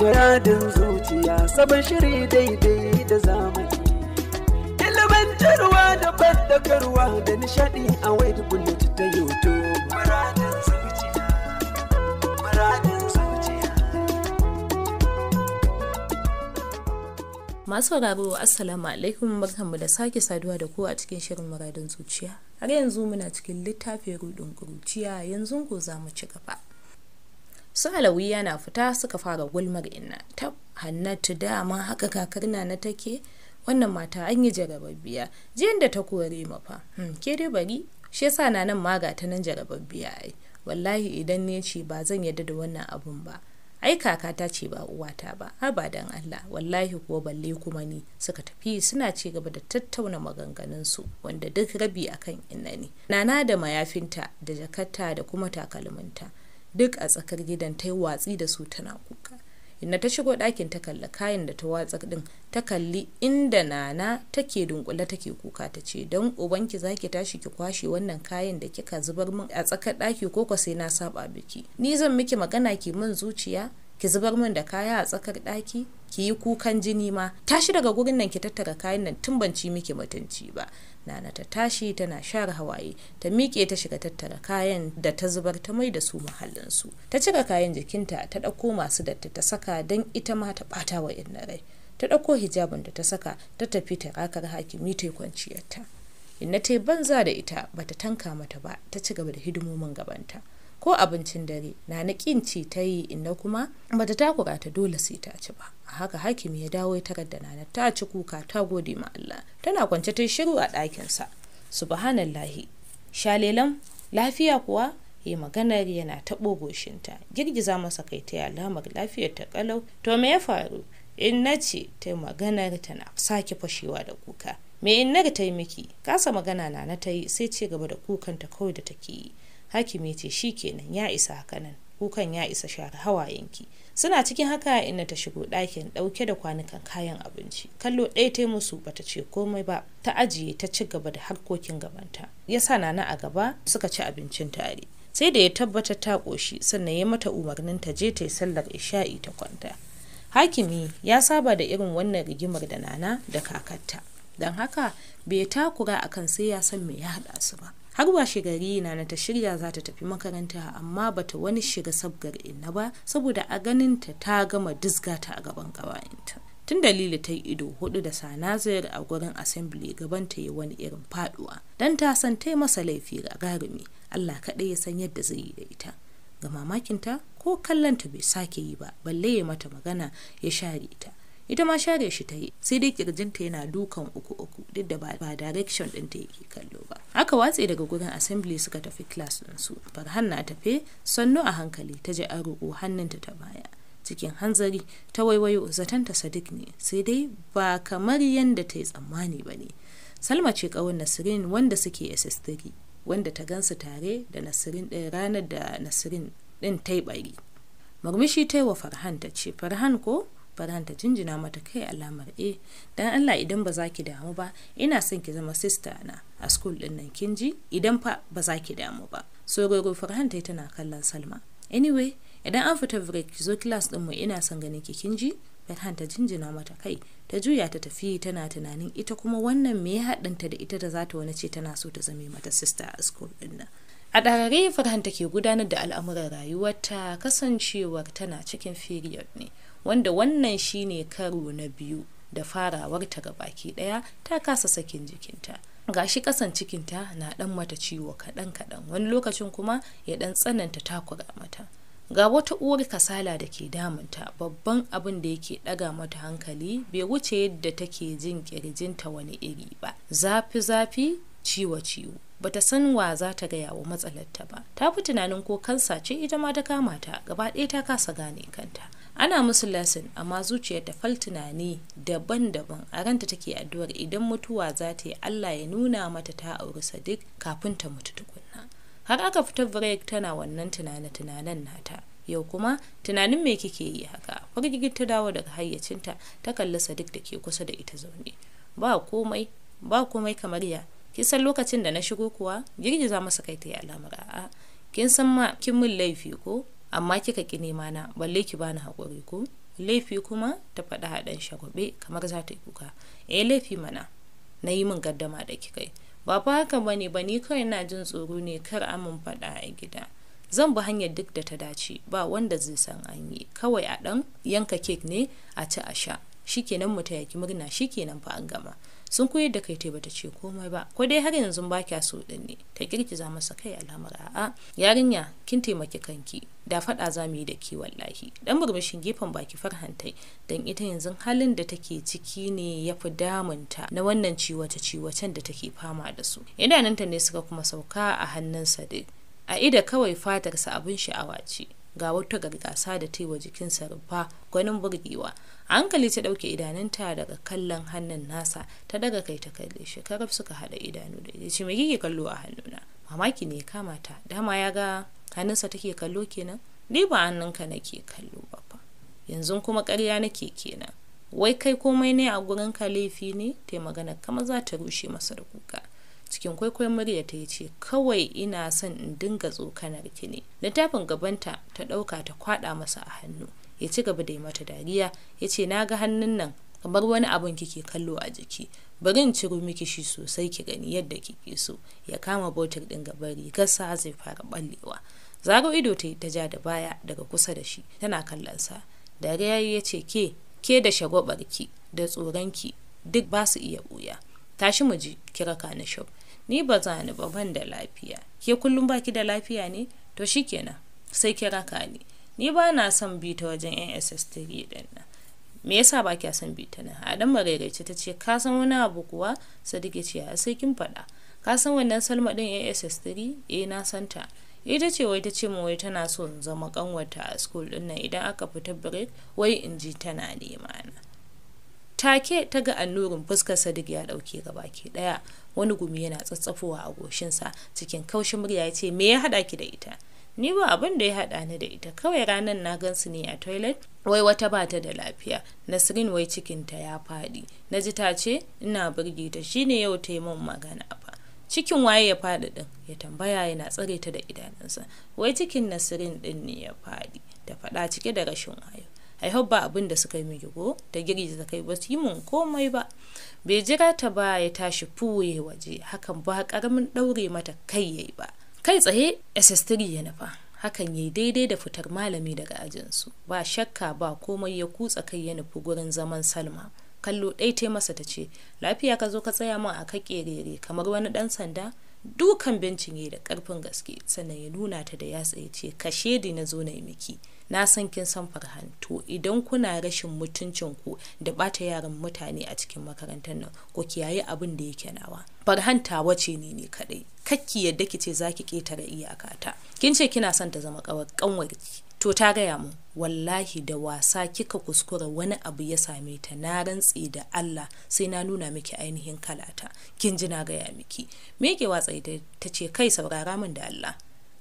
Muradin zuciya sabon shiri daidai da zamani. Ilimantarwa da bandakarwa da nishadi a wade bullet ta YouTube. Muradin zuciya, muradin zuciya. Masu Assalamu alaikum barkanmu da sake saduwa da ku a cikin shirin muradin zuciya. Har yanzu muna cikin littafin rudin kuruciya yanzu ko za mu ci gaba. su alawiya na fita suka fara gulmar inna ta hannatu dama haka kakar na take wannan mata an yi jarababbiya jiyan da ta kore mafa hmm, ke dai bari shi yasa na nan maga ta nan jarababbiya ai wallahi idan ne ce ba zan yadda da wannan abun ba ai kaka ta ce ba uwata ba abadan Allah wallahi kuwa balle kuma ni suka tafi suna ci gaba da tattauna maganganun su wanda duk rabi akan inna ne nana da mayafinta da jakarta da kuma takalminta duk a tsakar gidan ta yi watsi da su tana kuka inna ta shigo ɗakin ta kalla kayan da ta watsa ɗin ta kalli inda nana take dunkule take kuka ta ce don ubanki zaki tashi ki kwashe wannan kayan da kika zubar min a tsakar ɗaki ko kwa sai na saba biki ni zan miki magana ki min zuciya ki zubar min da kaya a tsakar ɗaki ki yi kukan jini ma tashi daga gurin nan ki tattara kayan nan tun ban ci miki mutunci ba nana ta tashi tana share hawaye ta miƙe ta shiga tattara kayan da ta zubar ta mai da su mahallinsu ta cika kayan jikinta ta ɗauko masu datti ta saka don ita ma ta ɓata wa rai ta ɗauko hijabin da ta saka ta tafi ta rakar hakimi ta kwanciyarta inna ta banza da ita ba ta tanka mata ba ta ci gaba da hidimomin gabanta ko abincin dare na na kin ci ta yi inda kuma bata takura ta dole sai ta ci ba a haka hakimi ya dawo ya tarar da nana ta ci kuka ta gode ma Allah tana kwance ta shiru a ɗakin sa subhanallahi shalelan lafiya kuwa yi maganar yana taɓo goshinta girgiza masa kai ta alamar lafiyar ta kalau to me ya faru in na ce ta maganar tana sake fashewa da kuka me in naga ta yi miki kasa magana na na ta yi sai ce gaba da ta kawai da take yi hakimi ce shi kenan ya isa haka nan kukan ya isa share hawayenki suna cikin haka na ta shigo ɗakin ɗauke da kwanukan kayan abinci kallo ɗaya ta musu bata ce komai ba ta ajiye ta ci gaba da harkokin gabanta ya sa nana a gaba suka ci abincin tare sai da ya tabbatar ta ƙoshi sannan ya mata umarnin ta je ta yi sallar isha'i ta kwanta hakimi ya saba da irin wannan rigimar da nana da kakarta don haka bai takura akan sai ya san me ya haɗa su ba har washe gari na na ta shirya za ta tafi makaranta amma bata wani shiga sabgar inna ba saboda a ganin ta ta gama dizga ta a gaban ƙawayenta tun dalili ta yi ido hudu da sanazir a gurin assembly gaban ta yi wani irin faduwa dan ta san ta masa laifi garumi Allah kaɗai ya san yadda zai yi da ita ga mamakinta ko kallon ta bai sake yi ba balle ya mata magana ya share ta ita ma share shi ta yi sai dai kirjinta yana dukan uku uku duk da ba direction din ta yake kallo ba aka watse daga gurin assembly suka tafi class din su. farhan na tafe sannu a hankali ta ji aro hannunta ta baya cikin hanzari ta waiwayo zatanta sadiq ne sai dai ba kamar yadda ta yi tsammani ba ne salma ce kawun nasirin wanda suke ss3 wanda ta gansu tare da nasirin ɗin ranar da nasirin ɗin ta yi bari murmushi ta yi wa farhan ta ce farhan ko Farhan ta jinjina mata kai alamar e dan Allah idan ba za ki damu ba ina son ki zama sister na a school din nan kin ji idan fa ba za ki damu ba so gogo Farhan ta tana kallon Salma anyway idan an fita break ki zo class din mu ina son ganin ki kin ji Farhan ta jinjina mata kai ta juya ta tafi tana tunanin ita kuma wannan me ya ta da ita da za ta wani ce tana so ta zame mata sister a school din nan A ɗarare Farhan take gudanar da al'amuran rayuwarta kasancewar tana cikin period ne, wanda wannan shine karo na biyu da farawarta ga baki daya ta kasa sakin jikinta gashi kasan cikinta na dan mata ciwo kaɗan-kaɗan wani lokacin kuma ya dan tsananta takura mata ga wata uwar kasala da ke damunta babban abin da yake ɗaga mata hankali bai wuce yadda take jin kirjinta wani iri ba zafi zafi ciwo ciwo bata san wa za ta gaya wa matsalarta ba ta fi tunanin ko kansa ce ita ma ta kama ta gaba ɗaya ta kasa gane kanta ana musu lesson amma zuciyar ta fal tunani daban-daban a ranta take addu'ar idan mutuwa za ta yi Allah ya nuna mata ta auri Sadiq kafin ta mutu tukunna har aka fita break tana wannan tunane-tunanen nata yau kuma tunanin me kike yi haka fargigin ta dawo daga hayyacinta ta kalli Sadiq da ke kusa da ita zaune ba komai ba komai kamar ya kin san lokacin da na shigo kuwa girgiza masa kai ta yi alamar a'a kin san ma kin min laifi ko amma kika ki nema na balle ki bani hakuri ko laifi kuma ta faɗi haɗin shagwabe kamar za ta yi kuka eh laifi mana na yi min gaddama da ki kai ba fa haka bane ba ni kawai ina jin tsoro ne kar a mun faɗa a gida zan bi hanyar duk da ta dace ba wanda zai san an yi kawai a ɗan yanka kek ne a ci a sha shikenan mu ta yaki murna shikenan fa an gama sun koyar da kai tai bata ce komai ba ko dai har yanzu ba kya so din ne ta girgiza masa kai alamar a'a yarinya kin taimaki kanki da faɗa za mu yi da ke wallahi dan murmushin gefen baki farhantai dan ita yanzu halin da take ciki ne ya fi damunta na wannan ciwace ciwacen da take fama da su idanunta ne suka kuma sauka a hannun sadiq a ida kawai fatarsa abin sha'awa ce ga wata gargasa da ta yi wa jikinsa rufa gwanin burgewa a hankali ta ɗauke idanunta daga kallon hannun nasa ta daga kai ta kalle shi karaf suka haɗa idanu da ya ce me kallo a hannuna mamaki ne kama ta dama ya ga hannunsa take kallo kenan ni ba hannunka nake kallo ba fa yanzu kuma ƙarya nake kenan wai kai komai ne a gurin ka laifi ne ta magana kama za ta rushe masa da kuka cikin kwaikwayon murya ta ce kawai ina son in dinga tsokanar ki ne littafin gabanta ta ɗauka ta kwaɗa masa a hannu ya ci gaba da yi mata dariya ya ce na ga hannun nan kamar wani abun kike kallo a jiki bari in ciro miki shi sosai ki gani yadda kike so ya kama botir din gaban rigarsa zai fara ballewa zaro ido ta ta ja da baya daga kusa da shi tana kallon sa dariya ya ce ke ke da ki da tsoron ki duk ba su iya buya tashi mu ji ka na shop ni ba za ba ban da lafiya ke kullum baki da lafiya ne to shikenan sai ki raka ni ni ba na son bita wajen nss3 din nan me yasa ba kya son bita nan adam marerece ta ce ka san wani abu kuwa sadiq ce sai kin faɗa ka san wannan salma ɗin nss3 eh na santa ita ce wai ta ce mu wai tana so zama kanwata a school din nan idan aka fita break wai in ji tana nema na take ta ga annurin fuskar sadiq ya dauke ke daya wani gumi yana tsatsafowa a goshinsa cikin kaushin murya ya ce me ya hada ki da ita ni ba abin da ya hada ni da ita kawai ranar na gansu ne a toilet wai wata ba ta da lafiya nasrin wai cikinta ya fadi na ji ta ce ina birge ta shine yau ta yi min magana ba cikin waye ya fadi din ya tambaya yana tsare ta da idanunsa wai cikin nasrin din ne ya fadi ta faɗa cike da rashin wayo i ba abin da suka yi mai gigo ta girgiza ta kai ba su yi mun komai ba bai jira ta ba ya tashi fuye waje hakan ba karamin daure mata kai yayi ba kai tsaye ss3 ya nufa hakan ya daidai da fitar malami daga ajinsu ba shakka ba komai ya kutsa kai ya nufi gurin zaman salma kallo ɗai ta masa ta ce lafiya ka zo ka tsaya min a kakerere kamar wani ɗan sanda dukan bincike da ƙarfin gaske sannan ya nuna ta da yatsa ya ce kashe di na zo na yi miki na san kin san farhan to idan kuna rashin mutuncin ku da bata yaran mutane a cikin makarantar nan ku kiyaye abin da yake nawa farhan ta wace ne ne kadai kakki yadda kice zaki ketare iyaka ta kin ce kina son ta zama kawar ki to ta gaya mu wallahi da wasa kika kuskura wani abu ya same ta na rantse da Allah sai na nuna miki ainihin kalata kin ji na gaya miki me yake watsa ta ce kai saurara min da Allah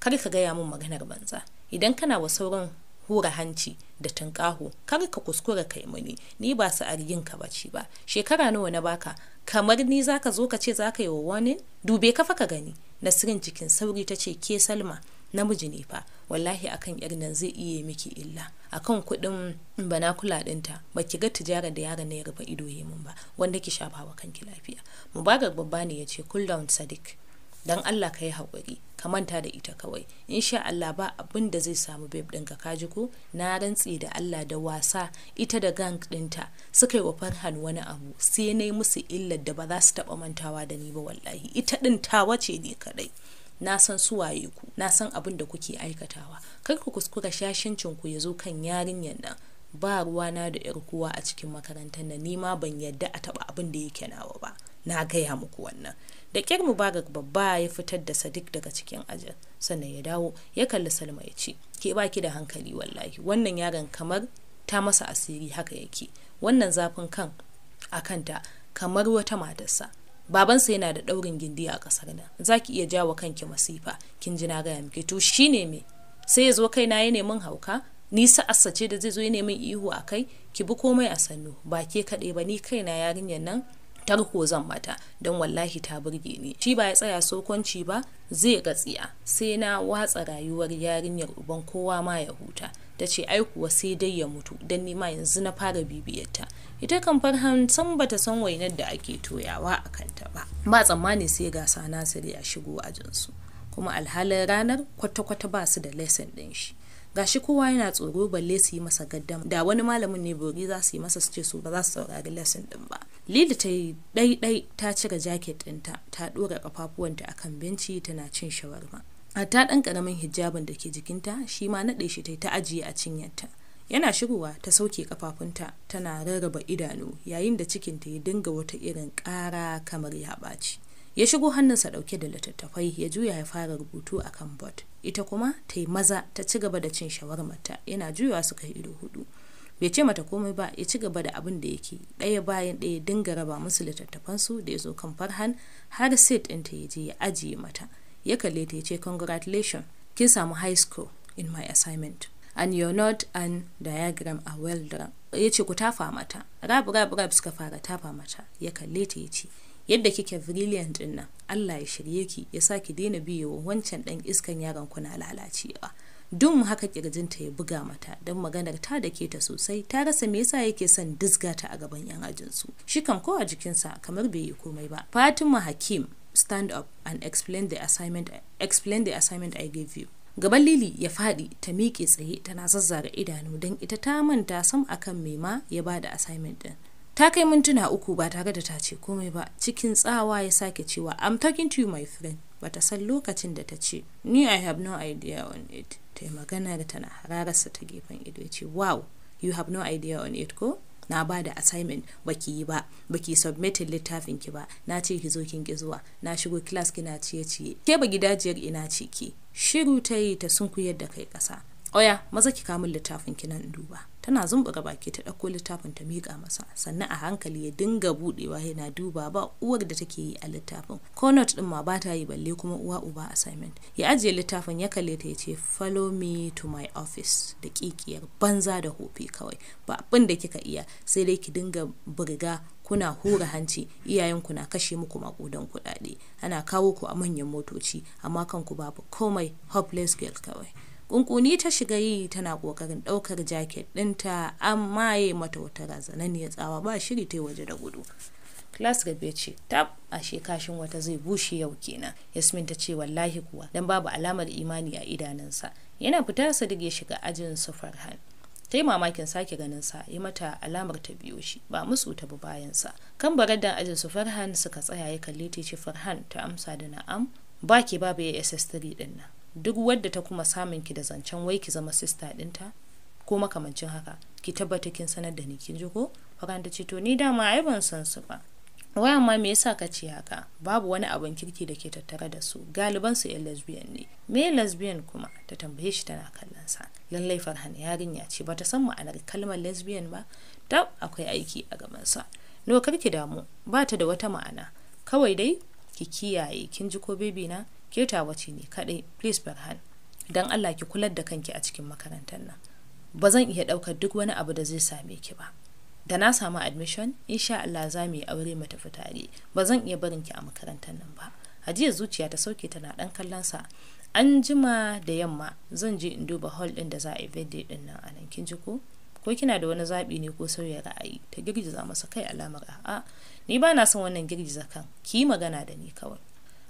kar ka gaya mun maganar banza idan kana wa sauran hura hanci da tunƙaho kar ka kuskura kai muni ni ba su argin ka bace ba shekara nawa na baka kamar ni zaka zo ka ce zaka yi wa wani dube ka faka ka gani nasirin cikin sauri ta ce ke salma namiji ne fa wallahi akan yar nan zai iya miki illa akan kuɗin bana kula ɗinta ba ki ga tijara da yaro na ya rufe ido yi mun ba wanda ki shafa wa kanki lafiya mubarak babba ne ya ce cool down sadiq don Allah ka yi haƙuri ka manta da ita kawai insha Allah ba abin da zai samu babe ɗin ka ji ko na rantse da Allah da wasa ita da gang ɗinta suka yi wa Farhan wani abu sai na yi musu illar da ba za su taɓa mantawa da ni ba wallahi ita ɗin ta wace ne kaɗai na san su waye ku na san abin da kuke aikatawa kar ku kuskura shashincin ku ya zo kan yarinyar nan ba ruwa na da 'yar kowa a cikin makarantar nan ni ma ban yarda a taɓa abin da yake nawa ba na gaya muku wannan da kyar mubarak babba ya fitar da sadiq daga cikin ajin sannan ya dawo ya kalli salma ya ce ke baki da hankali wallahi wannan yaron kamar ta masa asiri haka yake wannan zafin kan a kanta kamar wata matarsa babansa yana da daurin gindi a kasar nan za ki iya jawo kanki masifa kin ji na gaya miki to ne me sai ya zo kaina ya nemin hauka ni sa'assa da zai zo ya nemin ihu a kai ki bi komai a sannu ba ke kaɗai ba ni kaina yarinyar nan tarko zan mata don wallahi ta burge ni shi ba ya tsaya sokonci ba zai gatsiya sai na watsa rayuwar yarinyar uban kowa ma ya huta ta ce ai kuwa sai dai ya mutu don nima yanzu na fara bibiyarta ita kan farhan san bata san wainar da ake toyawa a kanta ba ba tsammani sai gasa nasiri ya shigo ajinsu kuma alhalin ranar kwata-kwata ba su da lesson ɗin shi gashi kowa yana tsoro balle su yi masa gaddam da wani malamin ne bori za su yi masa su ce su ba za su saurari lesson din ba Lili ta yi ɗaiɗai ta cire jaket ɗinta ta ɗora ƙafafuwanta akan benci tana cin shawarma. A ta ɗan ƙaramin hijabin da ke jikinta shi ma naɗe shi ta yi ta ajiye a cinyarta. Yana shigowa ta sauke ƙafafunta tana rarraba idanu yayin da cikinta ya dinga wata irin ƙara kamar ya ɓaci. Ya shigo hannunsa ɗauke da littattafai ya juya ya fara rubutu akan bot. ita kuma ta yi maza ta ci gaba da cin shawarmata yana juyawa suka yi ido hudu bai ce mata komai ba ya ci gaba da abin da yake ɗaya bayan ɗaya dinga raba musu littattafansu da ya zo kan farhan har ɗin ta ya je ya ajiye mata ya kalle ta ya ce congratulation kin samu high school in my assignment and your not and diagram a well done ya ce ku tafa mata rab rab rab suka fara tafa mata ya kalle ta ya ce yadda kike brilliant din nan Allah ya shirye ki ya sa ki daina biyewa wancan dan iskan yaron kuna lalacewa dun haka kirjinta ya buga mata don maganar ta da ke ta sosai ta rasa me yasa yake son dizga ta a gaban yan ajinsu shi kan kowa jikinsa kamar bai yi komai ba Fatima Hakim stand up and explain the assignment explain the assignment I gave you gaban lili ya faɗi ta miƙe tsaye tana zazzara idanu don ita ta manta sam akan me ma ya bada assignment din ta kai mintuna uku ba tare da ta ce komai ba cikin tsawa ya sake cewa i'm talking to you my friend bata san lokacin da ta ce ni i have no idea on it ta yi magana da tana hararsa ta gefen ido ya ce wow you have no idea on it ko na ba da assignment baki yi ba baki submitting littafin ki ba na ce ki zo kin ki zuwa na shigo class kina ciye ciye ke ba gidajiyar ina ciki. shiru ta yi ta sunkuyar da kai kasa oya maza ki kamun littafin ki nan duba tana zumbura baki ta ɗauko littafin ta miƙa masa sannan a hankali ya dinga buɗewa yana duba ba uwar da take yi a littafin ko not ɗin ma ba ta yi balle kuma uwa uba assignment ya ajiye littafin ya kalle ta yace ce follow me to my office da ƙiƙiyar banza da hofi kawai ba abin da kika iya sai dai ki dinga burga kuna hura hanci iyayenku na kashe muku makudan kuɗaɗe ana kawo ku a manyan motoci amma kanku babu komai hopeless girl kawai kunkuni ta shiga yi tana kokarin daukar jaket dinta amma ya mata wata ya tsawa ba shiri ta yi waje da gudu Class Gabe ce, "Tab, a kashin wata zai bushe yau kenan." Yasmin ta ce, "Wallahi kuwa, dan babu alamar imani a idanunsa." Yana fita sa ya shiga ajin su Farhan. Ta yi mamakin sake ganin sa, yi mata alamar ta biyo shi, ba musu ta bi bayan sa. Kan baradan ajin su Farhan suka tsaya ya kalle ta ce Farhan ta amsa da na'am, ba ke babu ya SS3 din duk wadda ta kuma samun ki da zancen wai ki zama sista ɗinta ko makamancin haka ki tabbata kin sanar da ni kin ji ko fakan ta ce to ni dama ai ban san su ba wai amma me yasa ka ce haka babu wani abin kirki da ke tattare da su galiban su yan lesbian ne me lesbian kuma ta tambaye shi tana kallon sa lallai farhan yarinya ce ba ta san ma'anar kalmar lesbian ba tab akwai aiki a gaban sa no ki damu ba ta da wata ma'ana kawai dai ki kiyaye kin ji ko bebi na keta ce ne kaɗai please Farhan don Allah ki kular da kanki a cikin makarantar nan ba zan iya ɗaukar duk wani abu da zai same ki ba da na samu admission insha Allah za mu yi aure mu tafi tare ba zan iya barin ki a makarantar nan ba hajiya zuciya ta sauke tana ɗan kallon sa an jima da yamma zan je in duba hall ɗin da za a yi birthday din nan a nan kin ji ko ko kina da wani zaɓi ne ko sauya ra'ayi ta girgiza masa kai alamar a'a ni ba na son wannan girgiza kan ki yi magana da ni kawai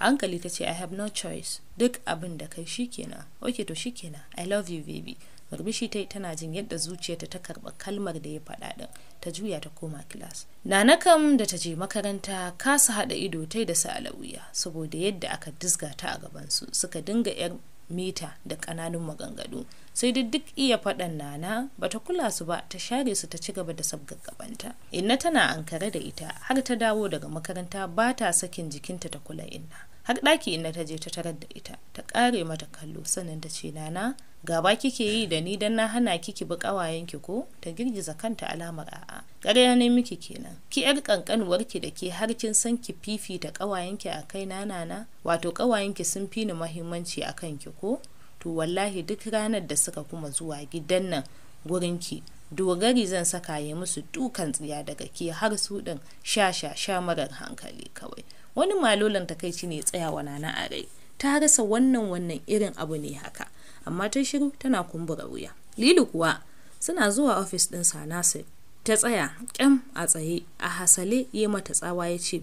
hankali ta ce i have no choice duk abin da kai shikenan ok to shikenan i love you baby murmushi ta tana jin yadda zuciyarta ta karba kalmar da ya faɗa ɗin ta juya ta koma kilas nana kam da ta je makaranta kasa haɗa ido tai da sa'alawiya saboda yadda aka dizga ta a su suka dinga yar mita da ƙananun maganganu sai duk duk iya faɗan nana bata kula su ba ta share su ta ci gaba da sabgaggabanta inna tana ankare da ita har ta dawo daga makaranta ba ta sakin jikinta ta kula inna har ɗaki inda ta je ta tarar da ita ta ƙare mata kallo sannan ta ce nana gaba kike yi da ni dan na hana kiki bi ƙawayenki ko ta girgiza kanta alamar a'a ƙarya ne miki kenan ki yar ƙanƙanuwarki da ke har kin san ki fifita ƙawayenki a kai nana wato ƙawayenki sun fi ni muhimmanci a kanki ko to wallahi duk ranar da suka kuma zuwa gidan nan ki dogari zan saka ya musu dukan tsiya daga ke har su ɗin sha sha sha marar hankali kawai wani malolan takaici ne tsayawa nana a rai ta rasa wannan wannan irin abu ne haka amma ta shiru tana kumbura wuya lilu kuwa suna zuwa ofis din sanasi ta tsaya kyam a tsaye a hasale ya mata tsawa ya ce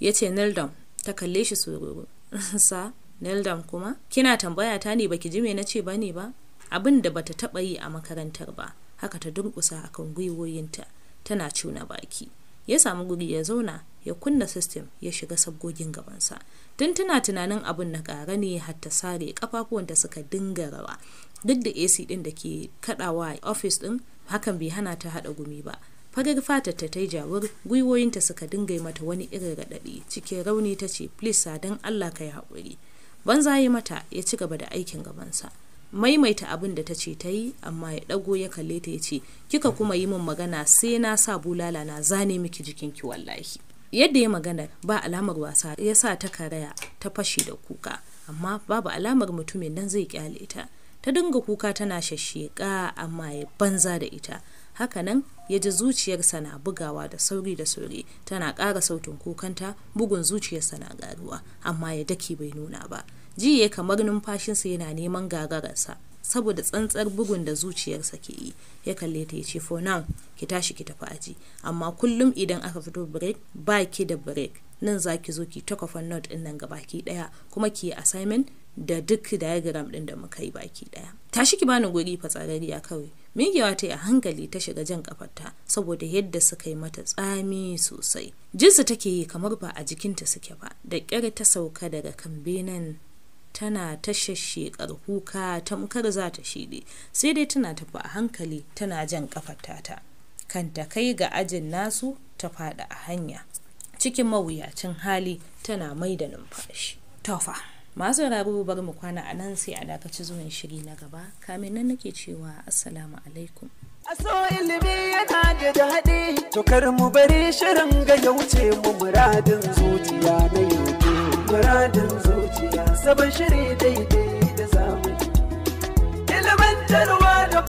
ya ce nildam ta kalle shi sururu sa Nildam kuma kina tambaya ta ne baki ji me na ce bane ba abin da bata taba yi a makarantar ba haka ta dunkusa akan gwiwoyinta tana cuna baki ya samu guri ya zauna ya kunna system ya shiga sabgogin gabansa tun tana tunanin abin na kara ne hatta sare kafafuwanta suka dinga rawa duk da ac din da ke kadawa a ofis din hakan bai hana ta hada gumi ba fagar fatar ta yi jawur gwiwoyinta suka dinga mata wani irin raɗaɗi cikin rauni ta ce please don allah ka yi haƙuri banza ya mata ya ci gaba da aikin gabansa maimaita abin da ta ce ta yi amma ya ɗago ya kalle ta ya ce kika kuma yi min magana sai na sa bulala na zane miki jikinki wallahi yadda ya magana ba alamar wasa ya sa ta karaya ta fashe da kuka amma babu alamar mutumin nan zai kyale ta ta dinga kuka tana shasheka amma ya banza da ita hakanan ya ji zuciyarsa na bugawa da sauri da sauri tana ƙara sautin kukanta bugun zuciyarsa na garuwa amma ya daki bai nuna ba ji ya kamar numfashinsa yana neman gagararsa saboda tsantsar bugun da zuciyarsa ke yi ya kalle ta ya ce for now ki tashi ki tafi aji amma kullum idan aka fito break ba ki da break nan za ki zo ki ta not note din nan gabaki daya kuma ki yi assignment da duk diagram din da muka yi baki daya tashi ki bani gori fatsarariya kawai migewa ta yi a hankali ta shiga jan kafarta saboda yadda suka yi mata tsami sosai jinsu take yi kamar ba a jikinta suke ba da ƙyar ta sauka daga kan benen tana ta shashshekar kuka tamkar za ta shiɗe sai dai tana tafi a hankali tana jan kafar kan kanta kai ga ajin nasu ta fada a hanya cikin mawuyacin hali tana mai da numfashi tofa masu rabu bar mu kwana a nan sai a dakaci zuwan shiri na gaba kamin nan nake cewa assalamu alaikum aso ilimi yana da daɗi to kar mu bari shirin ga yauce mu muradin zuciya na yau muradin zuciya sabon shiri daidai da zamani ilimantarwa da